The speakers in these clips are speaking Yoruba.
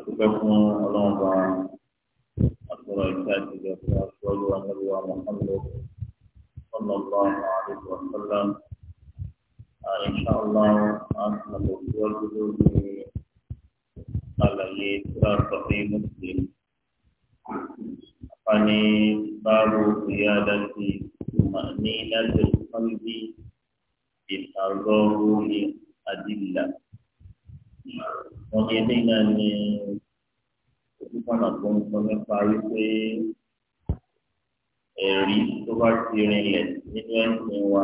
adúpẹ́ fún ọlọ́run bá àtúrọ̀ ìfẹ́ àti ìjọ fún aṣọ́jú anáwó àmọ́kànlọ́ ọlọ́lọ́ àdúgbò ọ̀sọ́lá àìṣàlá àtúnàbọ̀ síwájú lórí àlàyé tíra sọ̀rọ̀ mùsùlùmí. Àfààní báàbò ìyá dàtí ìmọ̀ ní láti ìfọ́nbí ìtàgọ́ orí nípa wípé ẹ̀rí tó bá ti rinlẹ̀ nínú ẹ̀sìn wa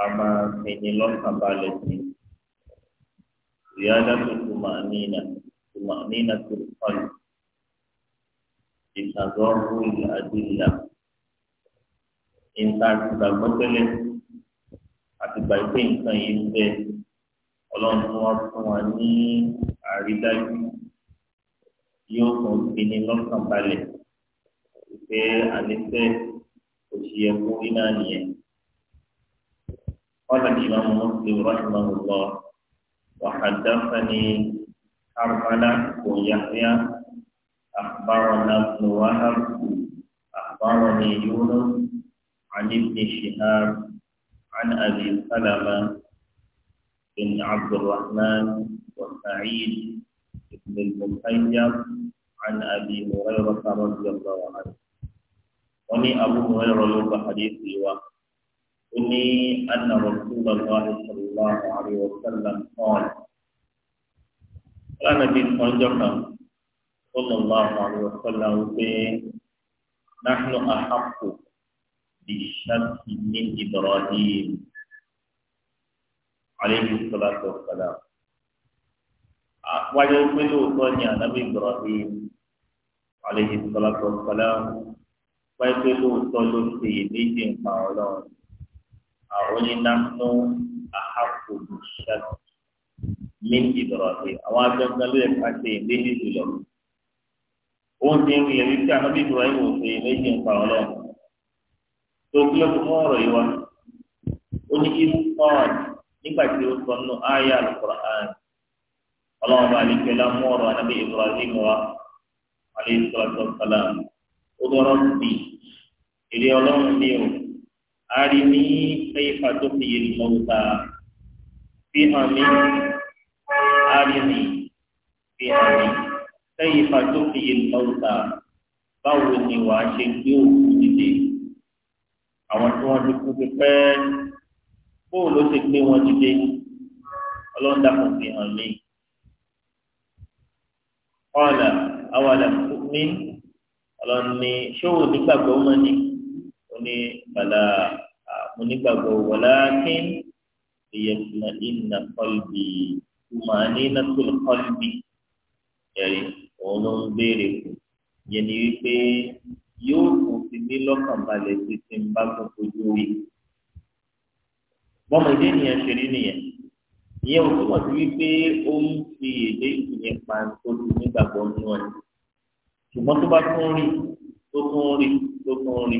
a máa pinni lọ́kànbalẹ̀ sí i. زيادة الطمأنينة طمأنينة القلب بتضرع الأدلة إنسان تبتلẹ̀ àti gbàgbé nǹkan yìí ń bẹ ọlọ́run tó wá fún wa ní àrídájú yóò tún gbini lọ́kàn balẹ̀ pé ànífẹ́ òṣìyẹ kú iná nìyẹn. قال الإمام مسلم رحمه الله وحدثني حرملة بن يحيى أخبرنا ابن وهب أخبرني يونس عن ابن شهاب عن أبي سلمة بن عبد الرحمن وسعيد بن المخيم عن أبي هريرة رضي الله عنه ومن أبو هريرة يوم حديثي إني أن رسول الله صلى الله عليه وسلم قال لا نبي صنجرنا صلى الله عليه وسلم نحن أحق بالشك من إبراهيم عليه الصلاة والسلام wáyé pé lóòótọ́ ni ànábì Ibrahim alayhi salatu wa salam wáyé pé lóòótọ́ ló ṣe èméjì nǹkan ọlọ́run àwọn onínàánú àhàkù ìṣẹ́lẹ̀ min Ibrahim àwọn agbẹ́ngàn ló yẹ ká ṣe èméjì jùlọ. òun ti ń rí ẹ̀rí tí ànábì Ibrahim ò ṣe èméjì nǹkan ọlọ́run tó kí ló fi mú ọ̀rọ̀ yìí wá ó ní ìfọ̀n nígbà tí ó sọ Al-Qur'an ọlọ́run bá àlejò ẹlá mú ọ̀rọ̀ anábì ibrahim wa alayhi salatu wa salam ó dọ́rọ́ sí èrè ọlọ́run ní o ari ní kayfa tó fi yé lọ́wọ́ta fi hàn mí ari ní fi hàn mí kayfa tó fi yé lọ́wọ́ta báwo ni wàá ṣe gbé òkú dìde àwọn tí wọ́n ti kú ti pẹ́ bóòlù ti gbé wọn dìde ọlọ́run fi hàn kọ́ọ̀là awàlà mi ọlọ́ni ṣòwò nígbàgbọ́ mọ́ ni ó ní bàlá mo nígbàgbọ́ wọlá kí ìyẹ̀fùnà ìnà kọ́lbì ìmọ̀ọ́nì nàtúlù kọ́lbì ẹ̀rí òun ló ń béèrè fún yẹn ni wípé yóò fún ti ní lọ́kànbalẹ̀ títí ń bá gbogbo ojú bọ́mọdé nìyẹn ṣe rí nìyẹn ìyẹn ò túmọ̀ sí wípé ó ń fi èdè ìyẹn pa tó ti nígbàgbọ́ nínú ẹ̀ ṣùgbọ́n tó bá tún rí tó tún rí tó tún rí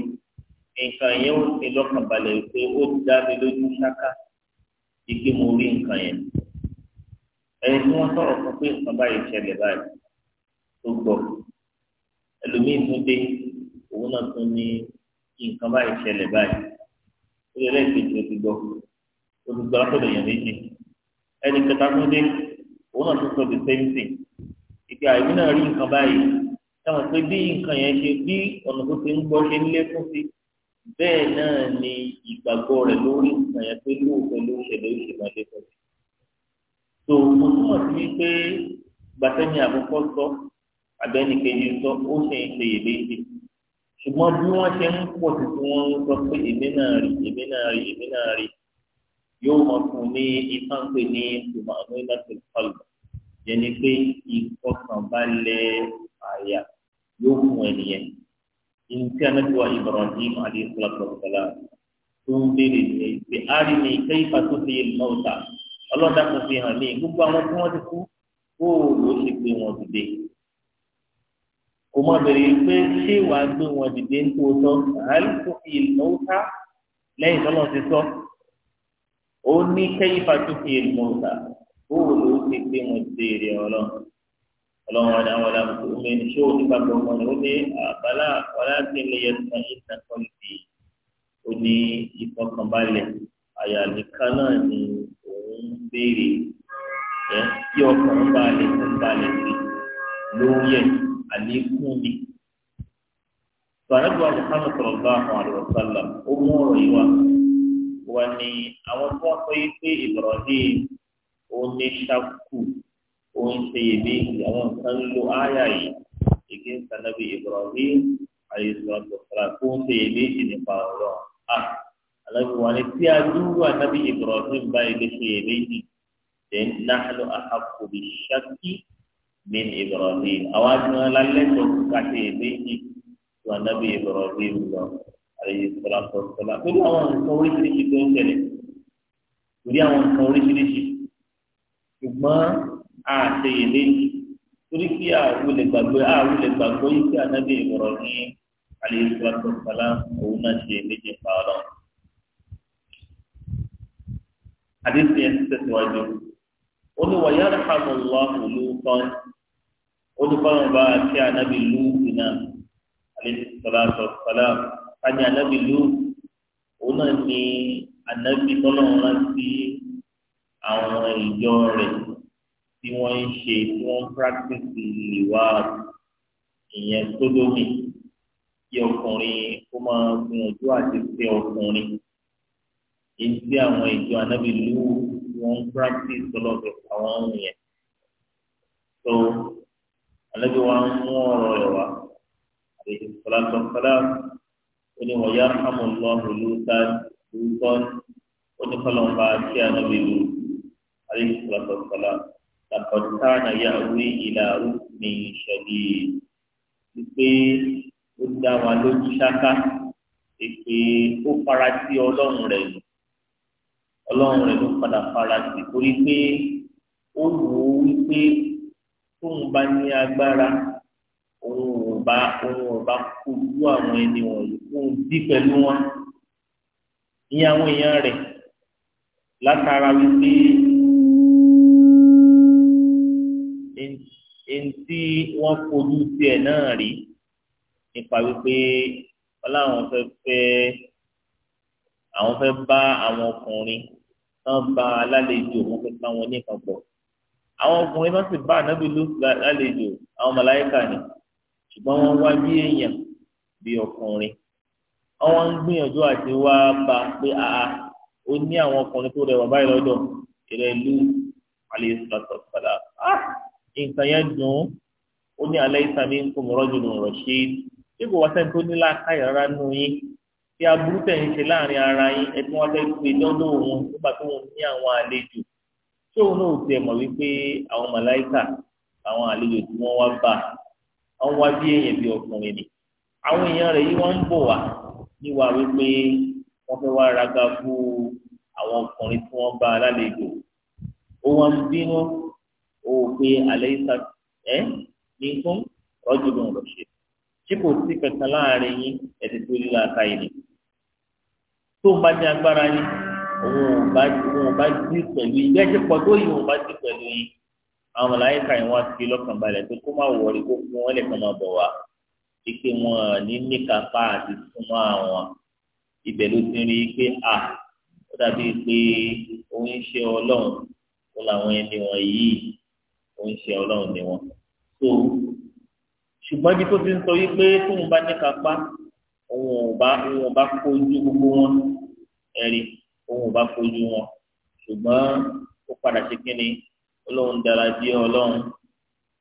nǹkan yẹn ó ti lọ́kàn balẹ̀ pé ó dá mi lójú ṣáká ike mo rí nǹkan yẹn ẹni tí wọ́n sọ̀rọ̀ fún pé nǹkan báyìí ṣẹlẹ̀ báyìí tó gbọ́ ẹlòmíín tún dé òun náà tún ní nǹkan báyìí ṣẹlẹ̀ báyìí ó lè lẹ́ẹ̀kejì ó ti gbọ́ ó ti gbọ́ méjì ẹnì kẹta tó dé òun náà tó sọ the same thing ìgbé àìmí náà rí nǹkan báyìí táwọn pé bí nǹkan yẹn ṣe bí ọ̀nà tó ti ń gbọ́ ṣe ń lékún sí bẹ́ẹ̀ náà ni ìgbàgbọ́ rẹ̀ lórí nǹkan yẹn pé lóòótọ́ ló ṣẹlẹ̀ ó ṣe máa lékún sí. tó mo túmọ̀ sí wípé gbàtẹ́ni àkọ́kọ́ sọ abẹ́nìkejì sọ ó ṣe ń ṣe ìléṣe ṣùgbọ́n bí wọ́n ṣe ń pọ̀ sí tí wọ́n ń sọ pé èmi náà rí èmi náà rí èmi náà rí yóò mọ fún ní ìtànpé ní ìmọ̀ àwọn ìlàsìn kọlù yẹni pé ìfọkànbalẹ̀ àyà yóò fún ẹnìyẹn nti anabiwa ibrahim alayhi salatu wa salam tó ń béèrè ní ìpè ari ní ìpè ìfàtó fi mọ́ta ọlọ́dà kò fi hàn mí gbogbo àwọn tí wọ́n ti kú bóò ló ṣe gbé wọn dìde kò mọ béèrè pé ṣé wàá gbé wọn dìde ń tó tọ́ àhálí fi mọ́ta lẹ́yìn tọ́lọ́ ti sọ ó ní kẹ́yìfà tó fi mọ̀ọ́ta bóòlù ló ti gbé wọn déèrè ọlọ́ ọlọ́run ọ̀dà àwọn ọ̀dà tó lè ṣó nígbàgbọ́ wọn ni ó ní àbálá ọ̀dà tí lè yẹ sàn yìí sàn kọ́ ìdí ó ní ìfọkànbalẹ̀ àyà nìkan náà ni òun béèrè ẹ kí ọkùnrin bá lè fún balẹ̀ sí lórí ẹ̀ àlékún ni. sọ̀rọ̀ bí wàá Muhammad sallallahu alaihi wasallam ó mú ọ̀rọ̀ yìí wá wọn ni àwọn tó wọ́n sọ yìí pé Ibrahim òun ní ṣàkù òun ṣe iyèméjì àwọn nǹkan ń lo áyà yìí ìgbé ń sanabi Ibrahim àyèsọ̀rọ̀ sọ̀rọ̀ kó ń nípa ọ̀rọ̀ a alábi wọn ni tí a dúró ànábi Ibrahim báyìí lè ṣe iyèméjì then nahnu ahaqqu bishakki min Ibrahim àwọn àti wọn lálẹ́ tó kàṣe iyèméjì tó ànábi Ibrahim lọ àyè sọlátọ sọlá torí àwọn nǹkan oríṣiríṣi tó ń tẹ̀lé torí àwọn nǹkan oríṣiríṣi ṣùgbọ́n àṣeyẹlé torí kí àwọn lè gbàgbé àwọn lè gbàgbé yìí kí anábì ìwọ̀rọ̀ ní àyè sọlátọ sọlá òun náà ṣe méje pààrọ̀. حديث يستسواجه قل ويرحم الله لوطا قل فما بقى نبي لوطنا عليه الصلاة والسلام tani anabi lu òun náà ni anabi tọ́lọ́run láti àwọn ìjọ rẹ̀ tí wọ́n ń ṣe tí wọ́n ń practice ìwà ìyẹn sódómì kí ọkùnrin kó máa gbìyànjú àti ṣe ọkùnrin èyí tí àwọn ìjọ anabi lu wọ́n ń practice tọ́lọ́fẹ̀ àwọn yẹn tó anabi wa ń mú ọ̀rọ̀ rẹ̀ wá àti ìfọlásọ̀fọlásọ̀ oníwọ̀nyá amọ̀lọ́hùn lóòótọ́ lóòótọ́ oníkọlọ́mbà tí a nà bí lò aleyhisalaam lakọ̀tà nà yà wí ìlà rúkùnì ìṣẹ̀lẹ̀ wípé ó dá wa lójú ṣáká èpè ó fara sí ọlọ́run rẹ̀ lò ọlọ́run rẹ̀ ló padà fara sí torí pé ó wò ó wípé tóun bá ní agbára òun ò bá òun ọba kojú àwọn ẹni wọ̀nyí fún bí pẹ̀lú wọn ní àwọn èèyàn rẹ̀ látara wípé eŋti wọn kojú tiẹ̀ náà rí nípa wípé ọláwọn fẹ́ fẹ́ àwọn fẹ́ bá àwọn ọkùnrin tán bá alálejò wọn fẹ́ bá wọn ní ìkan pọ̀ àwọn ọkùnrin náà sì bá ànábì lóṣù lálejò àwọn màláíkà ni ṣùgbọ́n wọ́n wá bí èèyàn bí ọkùnrin àwọn ń gbìyànjú àti wá bá pé àá ó ní àwọn ọkùnrin tó rẹwà báyìí lọ́dọ̀ ìrẹ̀lú alẹ́ ìsọ̀tọ̀ padà nǹkan yẹn dùn ún ó ní alẹ́ ìsàmì ń kó mọ̀rọ́ jùlọ rọ̀ ṣe é kò wá sẹ́ni tó ní láàkáyà rárá nù yín tí aburú tẹ̀ ń ṣe láàrin ara yín ẹ tí fẹ́ gbé lọ́dọ̀ òun nígbà tó ń ní àwọn àlejò tóun náà tiẹ̀ mọ̀ wípé àwọn màláìkà àwọn àlejò tí wọ́n wá bá wọn wá bí èèyàn bí ọkùnrin ni àwọn èèyàn rẹ̀ yìí wọ́n ń bọ̀ wá níwà wípé wọ́n fẹ́ wá raga fún àwọn ọkùnrin tí wọ́n bá alálejò ó wọ́n ń bínú ó pé alẹ́ ìsà ẹ́ ní fún rọ́jò ló ń lọ ṣe tí kò sí kankan láàrin yín ẹ̀sìn tó líla ata yìí ni tó bá ní agbára yín òun ò bá dí pẹ̀lú yín gẹ́gẹ́ pọ̀ tó yìí òun bá dí pẹ̀lú yín àwọn màláíkà yẹn wọ́n ti lọ́kàn balẹ̀ pé kó má wọrí kó fún wọn lè kàn máa bọ̀ wá ike wọn ní níkàápá àti súnmọ́ àwọn ibẹ̀ ló ti rí i pé a ó dàbí pé ó ń ṣe ọlọ́run kó làwọn ẹni wọn yìí ó ṣe ọlọ́run ni wọn. so ṣùgbọ́n bí tó ti ń sọ yìí pé tóun bá níkàápá òun ò bá òun ò bá kojú gbogbo wọn ẹ̀rí òun ò bá kojú wọn ṣùgbọ́n ó padà ṣe kí ni ọlọ́run dára di ọlọ́run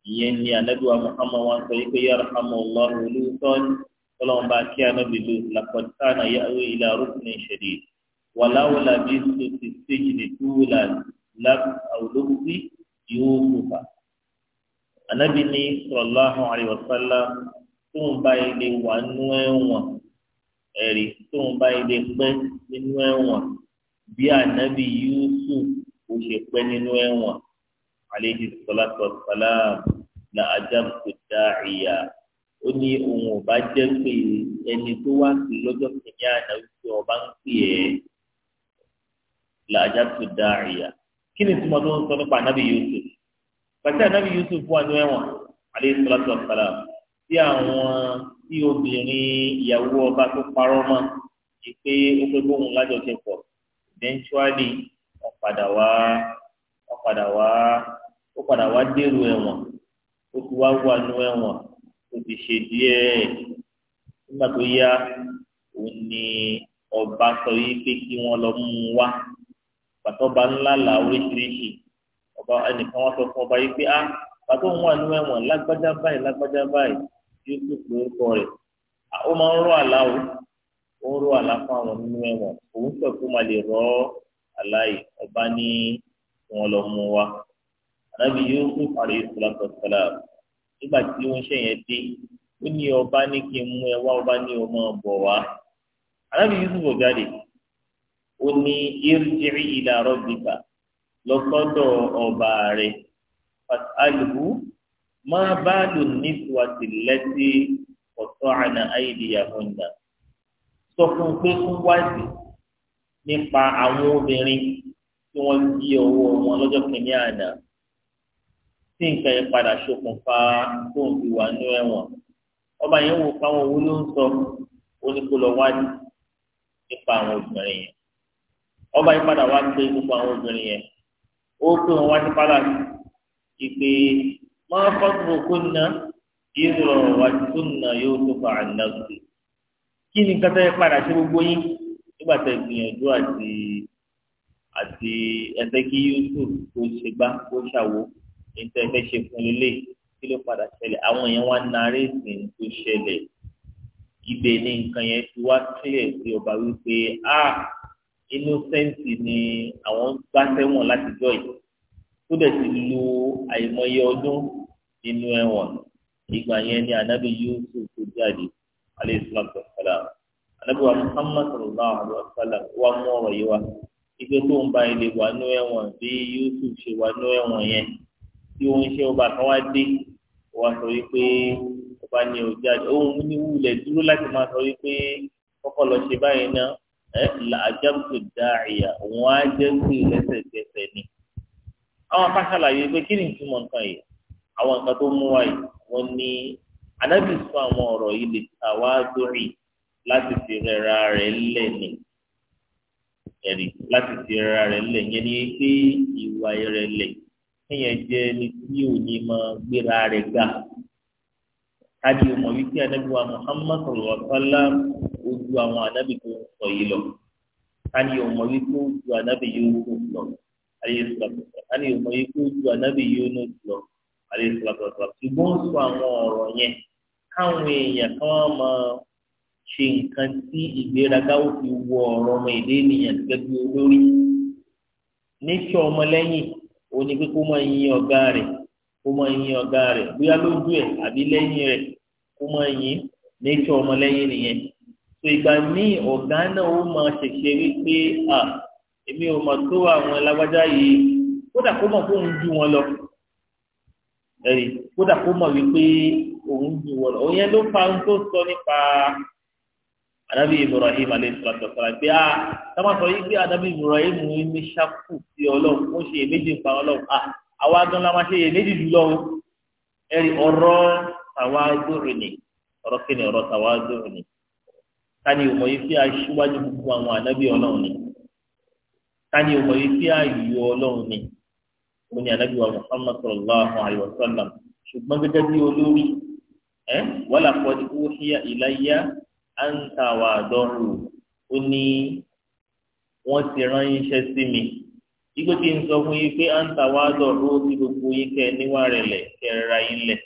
ìyẹn ni anabiwa muhammad wa sọ yìí pé yàrá hàmà ọlọ́run olùsọ́n ọlọ́run bá kí anabi lò laqad kana ya'wi ila ruknin shadid wàláwùlà bí sọ̀tì stéjì ní túwìlà láwùlọ́wùsí yóò kópa. anabi ní sallallahu alaihi wasallam tóun bá ilé wà nú ẹ̀wọ̀n ẹ̀rí tóun bá ilé pẹ́ nínú ẹ̀wọ̀n bí anabi yusuf kò ṣe pẹ́ nínú ẹ̀wọ̀n àléjì sọlátọ sàlám na adam kò dá ìyá ó ní òun ò bá jẹ́ pé ẹni tó wá sí lọ́jọ́ kìíní àná wípé ọba ń pè ẹ́ la adam kò dá ìyá kí ni tí mo tó ń sọ nípa anábì yusuf pàṣẹ anábì yusuf wà ní ẹ̀wọ̀n àléjì sọlátọ sàlám sí àwọn tí obìnrin ìyàwó ọba tó parọ́ mọ́ ìpè ó pé bóun lájọṣepọ̀ eventually wọ́n padà wá padà wá ó padà wá dèrò ẹ̀wọ̀n ó ti wá wà nú ẹ̀wọ̀n ó ti ṣe díẹ̀ nígbà tó yá òun ni ọba sọ yìí pé kí wọ́n lọ mú un wá bàtọ́ba ńlá là oríṣiríṣi ọba ẹnìkan wọ́n sọ fún ọba yìí pé a ah, bàtọ́ òun wà nú ẹ̀wọ̀n lágbájá báyìí lágbájá báyìí yusuf lórúkọ rẹ̀ ah, ó máa ń rọ àlá o ó ń rọ àlá fún àwọn nínú ẹ̀wọ̀n òun sọ pé ó máa lè rọ àlá yìí ọba ní wọn lọ mú wa ànábì yóò kú parí ìsúlátọ sọlá nígbà tí wọn ṣe yẹn dé ó ní ọba ní kí n mú ẹ wá ọba ní ọmọ bọ wá ànábì yusuf ọgáde ó ní irji'i ila rabbika lọsọdọ ọba rẹ fasalhu ma balu niswati lati qata'na aydiyahunna sọ fún pé fún wáàdì nípa àwọn obìnrin tí wọ́n di owó wọn lọ́jọ́ kìíní àná tí nǹkan yẹn padà ṣokùnfà tó ń fi wà nú ẹ̀wọ̀n ọba yẹn wò fáwọn owó ló ń sọ ó ní kó lọ wádìí nípa àwọn obìnrin yẹn ọba yìí padà wá pé gbogbo àwọn obìnrin yẹn ó pé wọn wá sí padà ìpè máa fọ́tò kóńnà ìrọ̀ wájú tó nà yóò tó fà àná sí kí ni kátà yẹn padà ṣe gbogbo yín nígbà tá ìgbìyànjú àti àti ẹsẹ kí Yusuf kó ṣe gbá kó ṣàwó níta ẹfẹ ṣe fún lélẹ kí ló padà ṣẹlẹ̀ àwọn èèyàn wá narí ìsìn tó ṣẹlẹ̀ ibẹ̀ ni nǹkan yẹn ti wá clear sí ọba wípé a innocent ni àwọn gbá sẹ́wọ̀n látijọ́ yìí tó dẹ̀ ti lu àìmọye ọdún nínú ẹ̀wọ̀n ìgbà yẹn ni anabi Yusuf tó jáde alayhi salatu wa salam anabi wa Muhammad sallallahu alayhi wa sallam wa mú ọ̀rọ̀ yìí wá ibi tó ń ba ilé wà nú ẹ̀wọ̀n bí Yusuf ṣe wà nú ẹ̀wọ̀n yẹn tí ó ń ṣe ọba kan wá dé wàá sọ wípé ọba ni ò jáde òun ní wúlẹ̀ dúró láti máa sọ wípé kọ́kọ́ lọ ṣe báyìí náà ẹ àjẹmùtò dáàyà òun á jẹ́ sí lẹ́sẹ̀kẹsẹ̀ ni. àwọn afáṣàlàyé pé kí ni ìtumọ̀ nǹkan yìí àwọn nǹkan tó mú wa yìí wọ́n ní anábì sọ àwọn ọ̀rọ̀ yìí lè ta wá dórí láti fi rẹra rẹ̀ lẹ́nìí ẹ̀rí láti ti ara rẹ̀ lẹ̀ yẹn ni pé ìwà rẹ̀ lẹ̀ kéèyàn jẹ́ ẹni tí ò ní máa gbéra rẹ̀ ga kájí ọmọ wípé anábì wa Muhammad sọlọ sọlá ojú àwọn anábì tó ń sọ yìí lọ kájí ọmọ wípé ojú anábì yóò tó lọ aleyhisalaam kájí ọmọ wípé ojú anábì yóò tó lọ aleyhisalaam ṣùgbọ́n sọ àwọn ọ̀rọ̀ yẹn káwọn èèyàn kan máa ṣe nǹkan tí ìgbéraga ó fi wọ ọ̀rọ̀ ọmọ èdè ènìyàn gẹ́gẹ́ bí olórí níṣọ́ ọmọlẹ́yìn ó ní pé kó máa yin ọ̀gá rẹ̀ kó máa yin ọ̀gá rẹ̀ bóyá lójú ẹ̀ àbí lẹ́yìn rẹ̀ kó máa yin níṣọ́ ọmọlẹ́yìn nìyẹn tó ìgbà míì ọ̀gá náà ó máa ṣẹ̀ṣẹ̀ wípé à èmi ò mọ̀ tó àwọn alágbájá yìí kódà kó mọ̀ fóun ju wọn lọ kódà kó mọ̀ wípé òun ju wọn lọ òun ló fa ohun tó sọ nípa anabi ibrahim aleyhisselatu wasala gbé ah, a sábà sọ yìí gbé anabi ibrahim ní ṣàkú sí ọlọ́run ó ṣe èméjì pa ọlọ́run a ah, àwa gan la máa ṣe èméjì jùlọ o ẹrí ọ̀rọ̀ tàwa dóòrè ni ọ̀rọ̀ kìíní ọ̀rọ̀ tàwa dóòrè ni tani ò mọ yìí fi aṣíwájú gbogbo àwọn anabi ọlọ́run ni tani ò mọ yìí fi ayò ọlọ́run ni òun ni anabi wa muhammad sallallahu alayhi wa sallam ṣùgbọ́n gẹ́gẹ́ bí olórí ẹ wàlàkọ́ ni ó ṣíyà ìlàyà anta wà dọ́rù ó ní wọ́n ti ránṣẹ́ sí mi igbó tí ń sọ fún yín pé àǹtà wà dọ́rù ó fi gbogbo yín kẹ́ níwá rẹ̀ lẹ̀ kẹ́ ra yín lẹ̀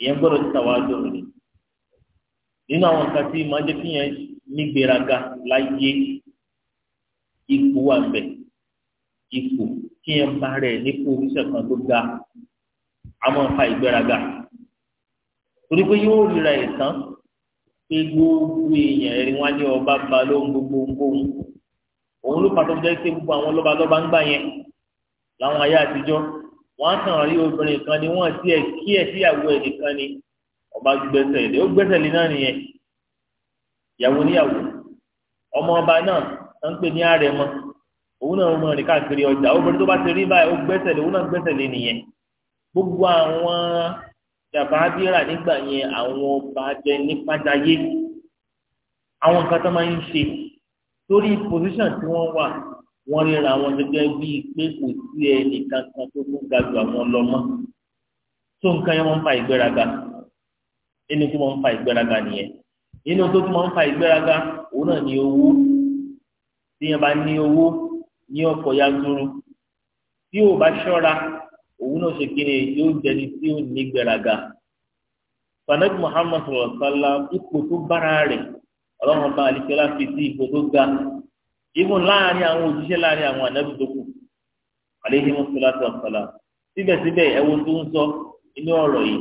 ìyẹn gbọ́dọ̀ ti tàwa dọ́rù ni nínú àwọn nǹkan tí màá jẹ́ kí yẹn nígbéraga láyé ipò wà bẹ̀ ipò kí yẹn bá rẹ̀ nípò oníṣẹ́ kan tó ga a máa ìgbéraga torí pé yóò ríra ẹ̀ tán pé gbogbo èèyàn ẹ̀rí wọn ní ọba ba lóhun gbogbo ohun òun ló pàtó jẹ́ pé gbogbo àwọn lọ́balọ́ba ń gbà yẹn láwọn ayé àtijọ́ wọ́n á kàn rí obìnrin kan ni wọ́n tiẹ̀ kí ẹ̀ síyàwó ẹ̀ nìkan ni ọba gbẹ́sẹ̀ lé ó gbẹ́sẹ̀ lé náà nìyẹn ìyàwó níyàwó ọmọ ọba náà tó ń pè ní àrẹ̀mọ òun náà mọ rìn káàkiri ọjà obìnrin tó bá ti rí báyìí ó gbẹ́sẹ̀ lé òun náà gbẹ́sẹ̀ lé nìyẹn gbogbo àwọn jàbáàbíra nígbà yẹn àwọn ọba jẹ nípàjáyé àwọn nǹkan tó máa ń ṣe lórí pòsíṣàn tí wọ́n wà wọ́n ríra wọn gẹ́gẹ́ bíi pé kò sí ẹnì kankan tó kún ga ju àwọn lọ mọ́ tó nǹkan yẹn wọ́n ń fa ìgbéraga nínú tó wọ́n ń fa ìgbéraga nìyẹn nínú tó tún wọ́n ń fa ìgbéraga òun náà ní owó tí yẹn bá ní owó ní ọkọ̀ yanturu tí yóò bá ṣọ́ra òun náà ṣe kíni yóò jẹni tí ó ní gbéraga fanabi muhammad sọlọ sọlá ipò tó bára rẹ̀ ọlọ́run bá alikẹ́lá fi sí ipò tó ga ibùn láàrin àwọn òjíṣẹ́ láàrin àwọn ànábì tó kù àléhi mọ́sálá tó sọlá síbẹ̀síbẹ̀ ẹ̀wù tó ń sọ inú ọ̀rọ̀ yìí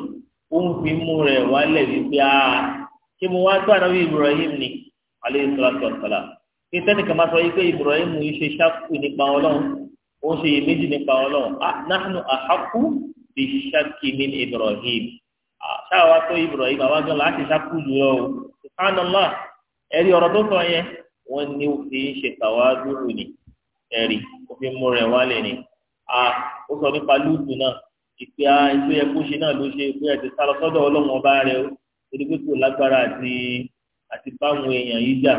ó ń fi mú rẹ̀ wálẹ̀ wípé a kí mo wá tó ànábì ibrahim ni àléhi mọ́sálá tó sọlá kí sẹ́nìkan bá sọ yìí pé ibrahim yìí ṣe ṣáàkù nípa ọlọ́run ó ṣe méjì nípa ọlọ́run nahnu ahaku bi shaki min ibrahim ṣáwa tó ibrahim àwọn gan láti ṣàkú jùlọ o subhanallah ẹ̀rí ọ̀rọ̀ tó sọ yẹn wọ́n ní ó fi ń ṣe tàwádùrù ni ẹ̀rí ó fi mú rẹ̀ wálẹ̀ ni ó sọ nípa lúùtù náà ìpè à ìpè yẹ kó ṣe náà ló ṣe ìpè ẹ̀ ti sọ́dọ̀ ọlọ́run ọba rẹ o torí pé kò lágbára àti àti báwọn èèyàn yìí jà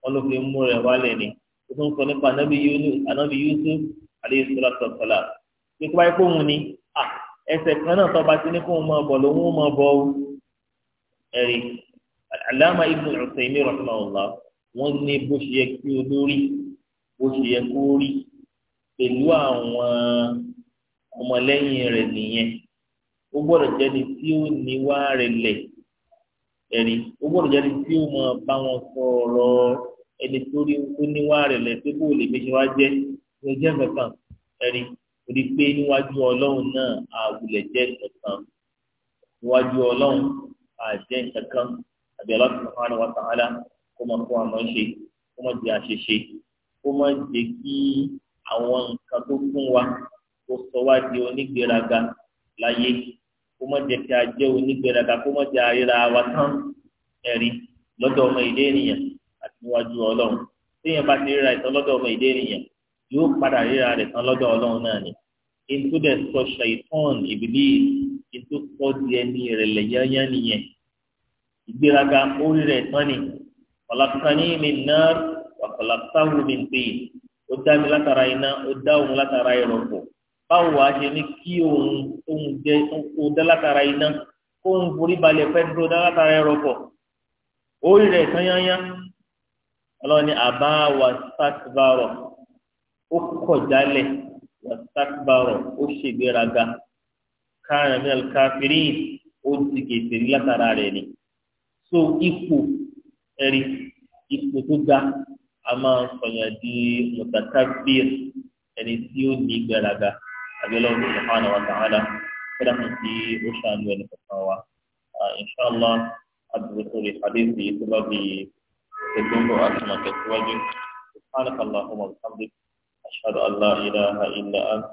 wọ́n ló fi mú rẹ̀ wálẹ̀ ni ó tún sọ nípa anábì yusuf aleyhi sọlọtọ sọlá kíkọ́ báyìí kó òun ni ẹsẹ̀ kan náà tọ́ba ti ní kó òun máa bọ̀ lòun máa bọ̀ ọ́ ẹ̀rí alama ibn Uthaymi rahmanullah wọ́n ní bó ṣe yẹ kí olórí bó ṣe yẹ kó rí pẹ̀lú àwọn ọmọlẹ́yìn rẹ̀ nìyẹn ó gbọ́dọ̀ jẹ́ni tí ó níwá rẹ̀ lẹ̀ ẹ̀rí ó gbọ́dọ̀ jẹ́ni tí ó máa bá wọn sọ ọ̀rọ̀ ẹni tó níwá rẹ̀ lẹ̀ pé bó lè méjì wá jẹ́ lè jẹ́ nǹkan ẹ̀rí torí pé níwájú ọlọ́run náà àwùlẹ̀ jẹ́ nǹkan níwájú ọlọ́run àjẹ́ nǹkan àbí ọlọ́run subhanahu wa ta'ala kó máa kó àmọ́ ṣe kó máa di àṣeṣe kó máa jẹ́ kí àwọn nǹkan tó fún wa kó sọ wá di onígbéraga láyé kó má jẹ́ kí a jẹ́ onígbéraga kó má jẹ́ àríra wa tán ẹ̀rí lọ́dọ̀ ọmọ ìdí ènìyàn àti níwájú ọlọ́run téèyàn bá ti ríra ìtàn lọ́dọ̀ ọmọ ìdí ènìyàn yóò padà ríra rẹ̀ tán lọ́dọ̀ ọlọ́run náà ni ètò dẹ̀ sọ ṣàìtàn ìbílí ètò sọ ẹni rẹ̀ lẹ́yẹ́yẹ́ nìyẹn ìgbéraga orí rẹ̀ tán ni ọ̀làkùnrin mi náà ọ̀làkùnrin mi ń pè ó dá mi látara iná ó dá òun látara ìrọ̀pọ̀ báwo wàá ṣe ní kí òun òun jẹ òun dá látara iná kó òun forí balẹ̀ fẹ́ dúró dá látara ìrọ̀pọ̀ orí rẹ̀ tán yányá ọlọ́ni àbá wa sátìbárọ̀ ó kọ̀ jálẹ̀ wàtàkùbárọ̀ ó ṣègbéraga káàrin ní alikafiri ó ti gèsè látara rẹ̀ ni so ipò ẹ̀rí ipò tó ga a máa ń sọyàn di mùtàkàbíyà ẹni tí ó ní gbéraga abẹ́lẹ́ ọ̀hún subhanahu wa ta'ala kódà kan tí ó ṣàánú ẹni kankan wa ah, inshallah abdulrasheed sori hadithi tó bá bi ẹgbẹ́ ń àti màkẹ́tì wájú subhanahu wa ta'ala. أشهد أن لا إله إلا أنت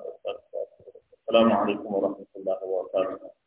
السلام عليكم ورحمة الله وبركاته